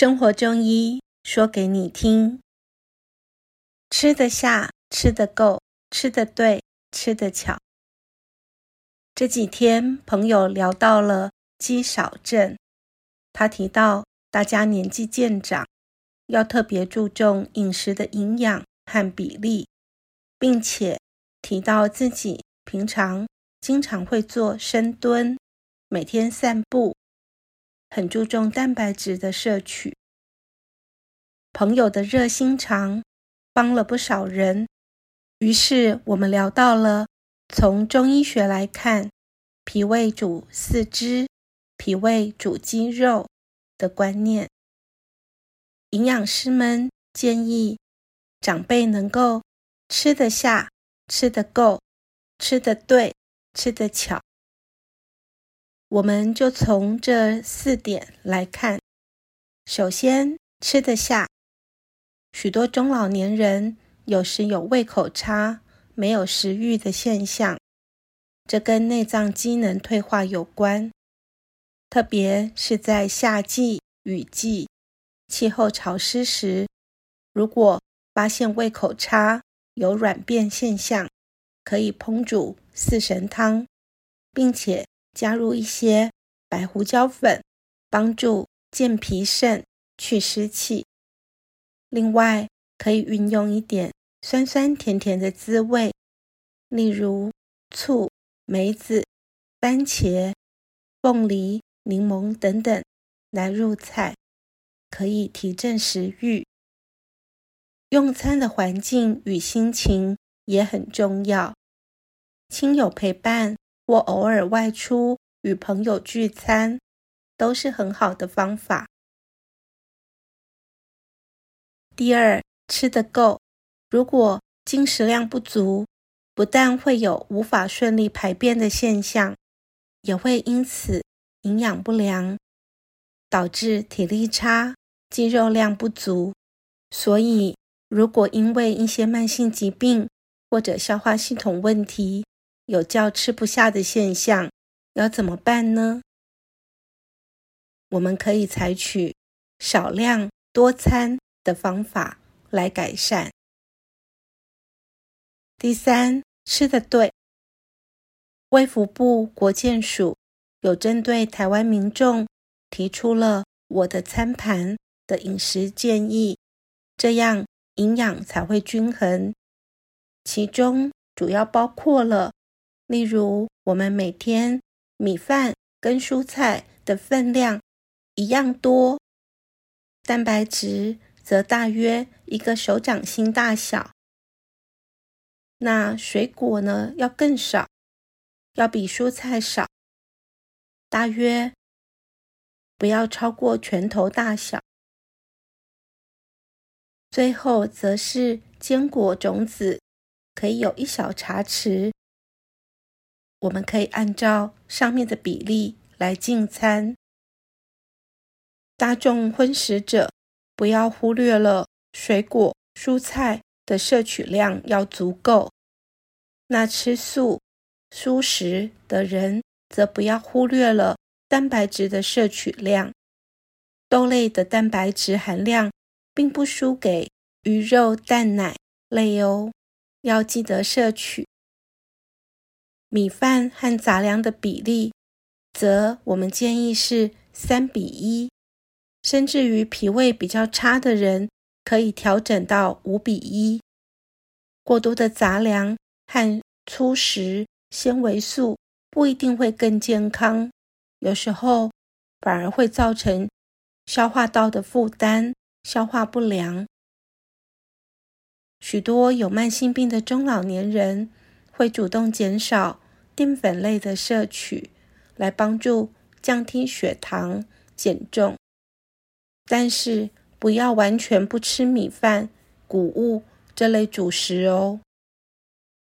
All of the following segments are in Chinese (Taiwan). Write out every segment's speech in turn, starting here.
生活中醫說給你聽：吃得下、吃得夠、吃得對、吃得巧。這幾天朋友聊到了肌少症，他提到大家年紀漸長，要特別注重飲食的營養和比例，並且提到自己平常經常會做深蹲，每天散步。很注重蛋白質的攝取，朋友的熱心腸幫了不少人。於是我們聊到了從中醫學來看，脾胃主四肢，脾胃主肌肉的觀念。營養師們建議長輩能夠吃得下、吃得夠、吃得對、吃得巧。我們就從這四點來看。首先，吃得下。許多中老年人有時有胃口差、沒有食欲的現象，這跟內臟機能退化有關。特別是在夏季、雨季、氣候潮濕時，如果發現胃口差、有軟便現象，可以烹煮四神湯，並且。加入一些白胡椒粉，幫助健脾腎、去濕氣。另外，可以運用一點酸酸甜甜的滋味，例如醋、梅子、番茄、鳳梨、檸檬等等來入菜，可以提振食慾。用餐的環境與心情也很重要，親友陪伴，或偶爾外出與朋友聚餐，都是很好的方法。第二，吃得夠。如果進食量不足，不但會有無法順利排便的現象，也會因此營養不良，導致體力差、肌肉量不足。所以，如果因為一些慢性疾病或者消化系統問題，有較吃不下的現象，要怎麼辦呢？我們可以採取少量多餐的方法，來改善。第三，吃得對，衛福部國健署有針對台灣民眾提出了我的餐盤的飲食建議，這樣營養才會均衡。其中主要包括了。例如，我們每天米飯跟蔬菜的分量一樣多，蛋白質則大約一個手掌心大小。那水果呢，要更少，要比蔬菜少，大約不要超過拳頭大小。最後，則是堅果種子，可以有一小茶匙。我們可以按照上面的比例來進餐。大眾葷食者，不要忽略了水果、蔬菜的攝取量要足夠。那吃素、蔬食的人則不要忽略了蛋白質的攝取量。豆類的蛋白質含量並不輸給魚肉、蛋奶類哦，要記得攝取。米飯和雜糧的比例，則我們建議是三比一，甚至於脾胃比較差的人，可以調整到五比一。過多的雜糧和粗食纖維素不一定會更健康，有時候反而會造成消化道的負擔、消化不良。許多有慢性病的中老年人會主動減少。澱粉類的攝取來幫助降低血糖、減重，但是不要完全不吃米飯、穀物這類主食哦。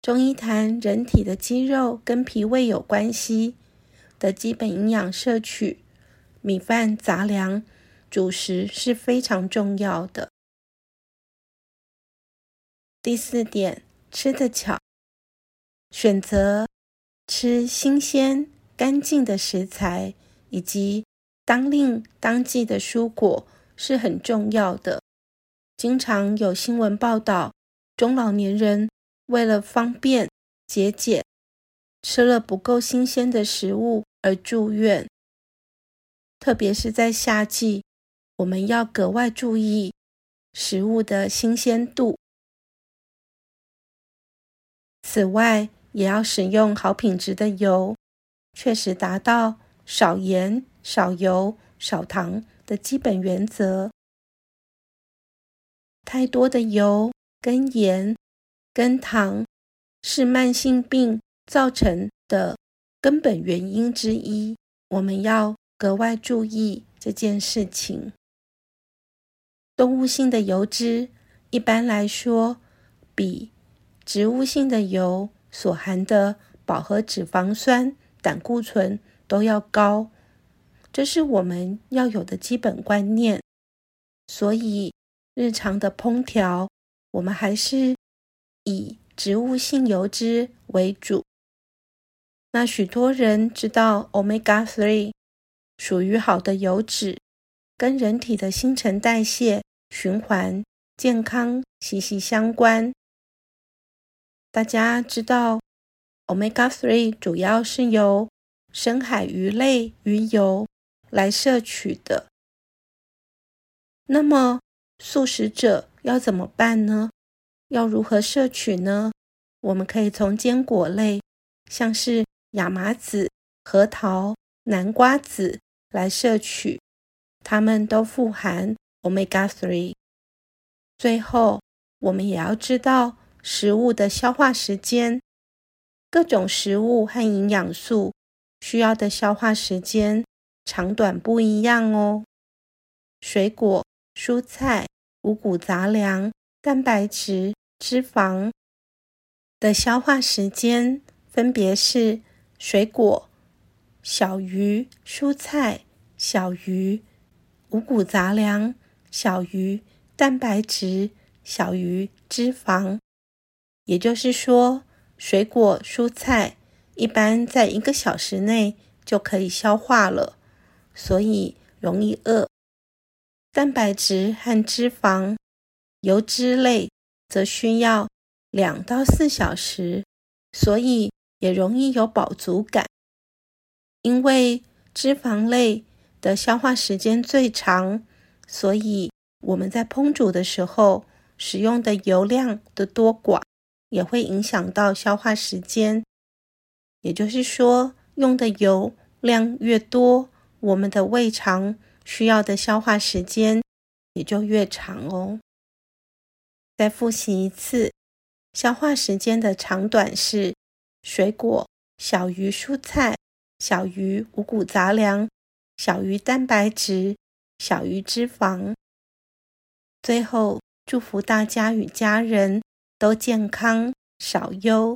中醫談人體的肌肉跟脾胃有關係的基本營養攝取，米飯、雜糧、主食是非常重要的。第四點，吃得巧，選擇。吃新鮮、乾淨的食材，以及當令、當季的蔬果是很重要的。經常有新聞報道，中老年人為了方便、節儉，吃了不夠新鮮的食物而住院。特別是在夏季，我們要格外注意食物的新鮮度。此外，也要使用好品質的油，確實達到少鹽、少油、少糖的基本原則。太多的油、跟鹽、跟糖是慢性病造成的根本原因之一，我們要格外注意這件事情。動物性的油脂一般來說比植物性的油所含的飽和脂肪酸、膽固醇都要高，這是我們要有的基本觀念。所以日常的烹調，我們還是以植物性油脂為主。那許多人知道，Omega-3 屬於好的油脂，跟人體的新陳代謝、循環、健康息息相關。大家知道，Omega-3 主要是由深海魚類魚油來攝取的。那麼，素食者要怎麼辦呢？要如何攝取呢？我們可以從堅果類，像是亞麻籽、核桃、南瓜籽來攝取，它們都富含 Omega-3。最後，我們也要知道。食物的消化時間，各種食物和營養素需要的消化時間長短不一樣哦。水果、蔬菜、五穀雜糧、蛋白質、脂肪的消化時間分別是：水果小於蔬菜小於五穀雜糧小於蛋白質小於脂肪。也就是說，水果、蔬菜一般在一個小時內就可以消化了，所以容易餓。蛋白質和脂肪、油脂類則需要兩到四小時，所以也容易有飽足感。因為脂肪類的消化時間最長，所以我們在烹煮的時候使用的油量的多寡也會影響到消化時間，也就是說，用的油量越多，我們的胃腸需要的消化時間也就越長哦。再複習一次，消化時間的長短是：水果小於蔬菜，小於五穀雜糧，小於蛋白質，小於脂肪。最後，祝福大家與家人。都健康，少憂。